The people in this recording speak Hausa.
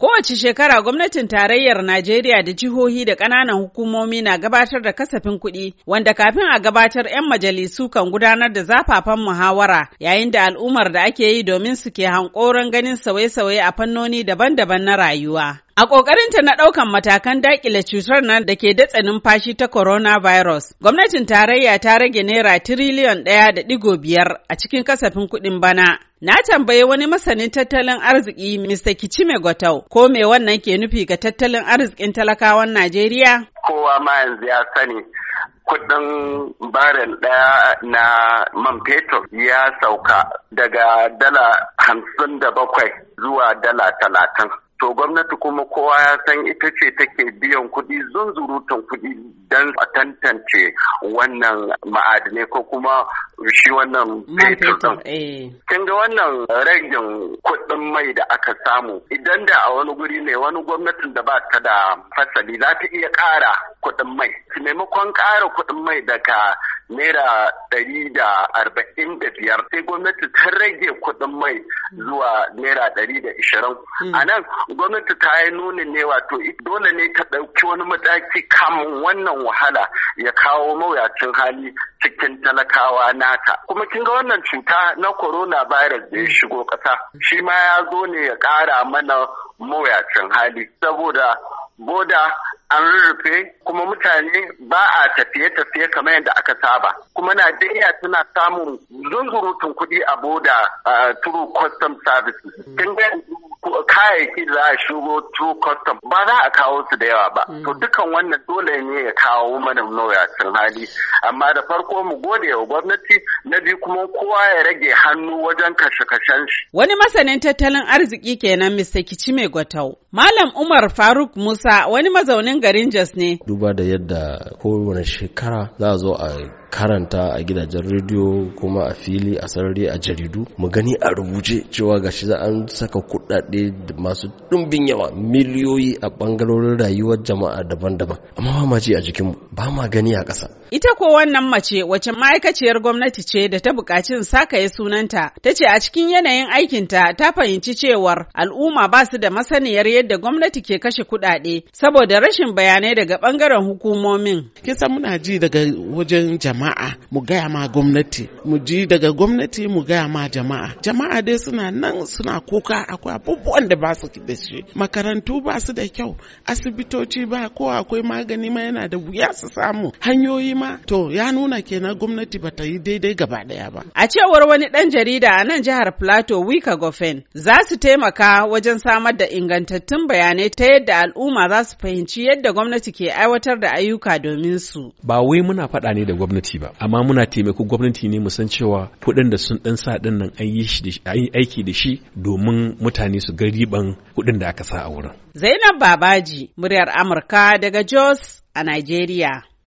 Kowace shekara gwamnatin tarayyar Najeriya da jihohi da ƙananan hukumomi na gabatar da kasafin kuɗi wanda kafin a gabatar 'yan majalisu kan gudanar da zafafan muhawara yayin da al'ummar da ake yi domin su ke hankoron ganin sauye-sauye a fannoni daban-daban na rayuwa. A ƙoƙarinta na ɗaukan matakan daƙile cutar nan da ke datse numfashi ta coronavirus, gwamnatin tarayya ta rage naira tiriliyon ɗaya da ɗigo biyar a cikin kasafin kuɗin bana. Na tambayi wani masanin tattalin arziki Mr. Kichime Gotau ko me wannan ke nufi ga tattalin arzikin talakawan Najeriya? Kowa ma yanzu ya sani kuɗin barel ɗaya na man fetur ya sauka daga dala hamsin da bakwai zuwa dala talatin. to gwamnati kuma kowa ya san ita ce take biyan kuɗi zunzurutan kuɗi don a tantance wannan ma'adinai ko kuma shi wannan fetur ɗin. Eh. Kin ga wannan ragin kuɗin mai da aka samu idan da a wani guri ne wani gwamnatin da ba ta da fasali za ta iya ƙara kuɗin mai. Maimakon ƙara kuɗin mai daga naira ɗari da arba'in da biyar sai gwamnati ta rage kuɗin mai zuwa naira ɗari da ishirin. Hmm. A nan gwamnati ta yi nuni ne wato dole ne ta ɗauki wani mataki kamun wannan wahala ya kawo mawuyacin hali cikin talakawa naka kuma kin ga wannan cuta na coronavirus da ya mm. shigo ƙasa shi ma ya zo ne ya ƙara mana mawuyacin hali saboda boda an rurrufe kuma mutane ba a tafiye-tafiye kamar yadda aka saba kuma najeriya tana samun zunzurutun kuɗi a boda through custom services mm. kin ga kayayyaki za a shigo through custom ba za a kawo su da yawa ba mm. to dukan wannan dole ne ya kawo mana mawuyacin hali amma da farko mu gode wa gwamnati na biyu kuma kowa ya rage hannu wajen kashe-kashen shi wani masanin tattalin arziki kenan Mr. Kici Mai Gwatau Malam Umar Faruk Musa wani mazaunin garin Jos ne. Duba da yadda kowane shekara za a zo a karanta a gidajen rediyo kuma a fili a sarari a jaridu mu gani a rubuce cewa shi za an saka kuɗaɗe masu ɗumbin yawa miliyoyi a bangarorin rayuwar jama'a daban-daban amma ba ma a jikinmu ba ma gani a ƙasa. Ita ko wannan mace wacce ma'aikaciyar gwamnati ce da ta buƙaci sakaye sunanta ta ce a cikin yanayin aikinta ta fahimci cewar al'umma ba su da masaniyar yadda gwamnati ke kashe kudade saboda rashin bayanai daga bangaren hukumomin. Kisa muna ji daga wajen jama'a mu gaya ma gwamnati, mu ji daga gwamnati mu gaya ma jama'a. Jama'a dai suna nan suna kuka akwai abubuwan da ba su da shi. Makarantu ba su da kyau, asibitoci ba ko akwai magani ma yana da wuya su samu. Hanyoyi ma to ya nuna kenan gwamnati ba ta yi daidai gaba ɗaya ba. A cewar wani ɗan jarida a nan jihar Plateau Wika Gofen za su taimaka wajen samar da ingantattun ingantattun bayanai ta yadda al'umma za su fahimci yadda gwamnati ke aiwatar da ayyuka domin su. Ba wai muna faɗa ne da gwamnati ba, amma muna taimako gwamnati ne mu san cewa kuɗin da sun ɗan sa ɗin nan an yi aiki da shi domin mutane su ga riban kuɗin da aka sa a wurin. Zainab Babaji, muryar Amurka daga Jos a Najeriya.